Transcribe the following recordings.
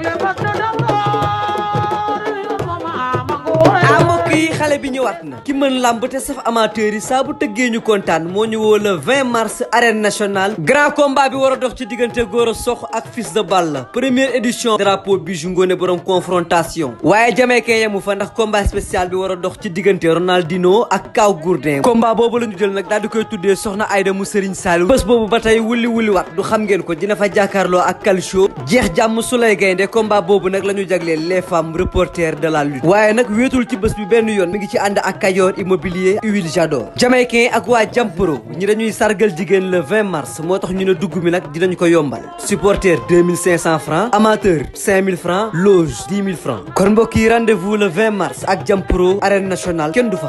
a ah a yi xale bi ñëwaat na ki mën làmb te saf amateur yi saa tëggee ñu kontaan moo ñu woo le 20 mars arène national grand combat bi war dox ci diggante Gora Sox ak Fils de Balla première édition drapeau bi ju ngoone borom confrontation waaye jamaykee yemu fa ndax combat spécial bi war a dox ci diggante Ronaldinho ak Kaw Gourdin combat boobu la ñu jël nag daal di koy tuddee soxna Aïda mu Serigne Saliou bés boobu ba tey wulli wulli wat du xam ngeen ko dina fa jàkkaarloo ak Calcio jeex jàmm su lay gaynde combat boobu nag la ñu jagleel les femmes reporters de la lutte waaye nag wéetul ci bés bi benn yoon mi ngi ci ànd ak Kayor immobilier huile Jador jamaïcain ak waa Jampro ñi dañuy sargal jigéen le 20 mars moo tax ñu ne dugg mi nag dinañ ko yombal supporter 2500 francs amateur 5000 francs loge 10 000 francs kon mbokk yi rendez-vous le 20 mars ak Jampro arène nationale kenn du fa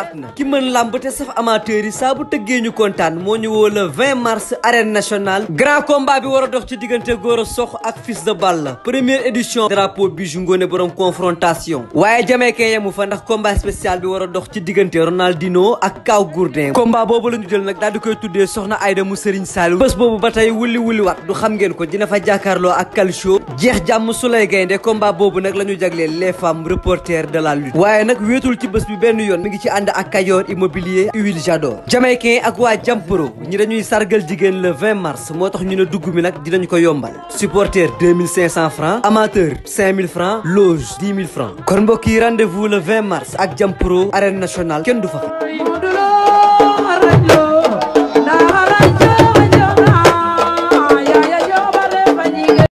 waat na ki mën làmb te saf amateur yi saa bu tëggee ñu kontaan moo ñu woo le 20 mars arène national grand combat bi war a dox ci diggante Gora Sox ak Fils de Balla première édition drapeau bi ju ngoone borom confrontation waaye jamaykee yemu fa ndax combat spécial bi war a dox ci diggante Ronaldinho ak Kaw Gourdin combat boobu la ñu jël nag daal koy tuddee soxna Aïda mu Serigne Saliou bés boobu ba tey wuli wuli wat du xam ngeen ko dina fa jàkkaarloo ak Calcio jeex jàmm su lay gaynde combat boobu nag la ñu jagleel les femmes reporters de la lutte waaye nag wéetul ci bés bi benn yoon mi ngi ci ànd ak Kayor immobilier huile Jador jamaïcain ak waa Jampro ñi dañuy sargal jigéen le 20 mars moo tax ñu ne dugg mi nag dinañ ko yombal supporter 2500 francs amateur 5000 francs loge 10 000 francs kon mbokk yi rendez-vous le 20 mars ak Jampro arène nationale kenn du fa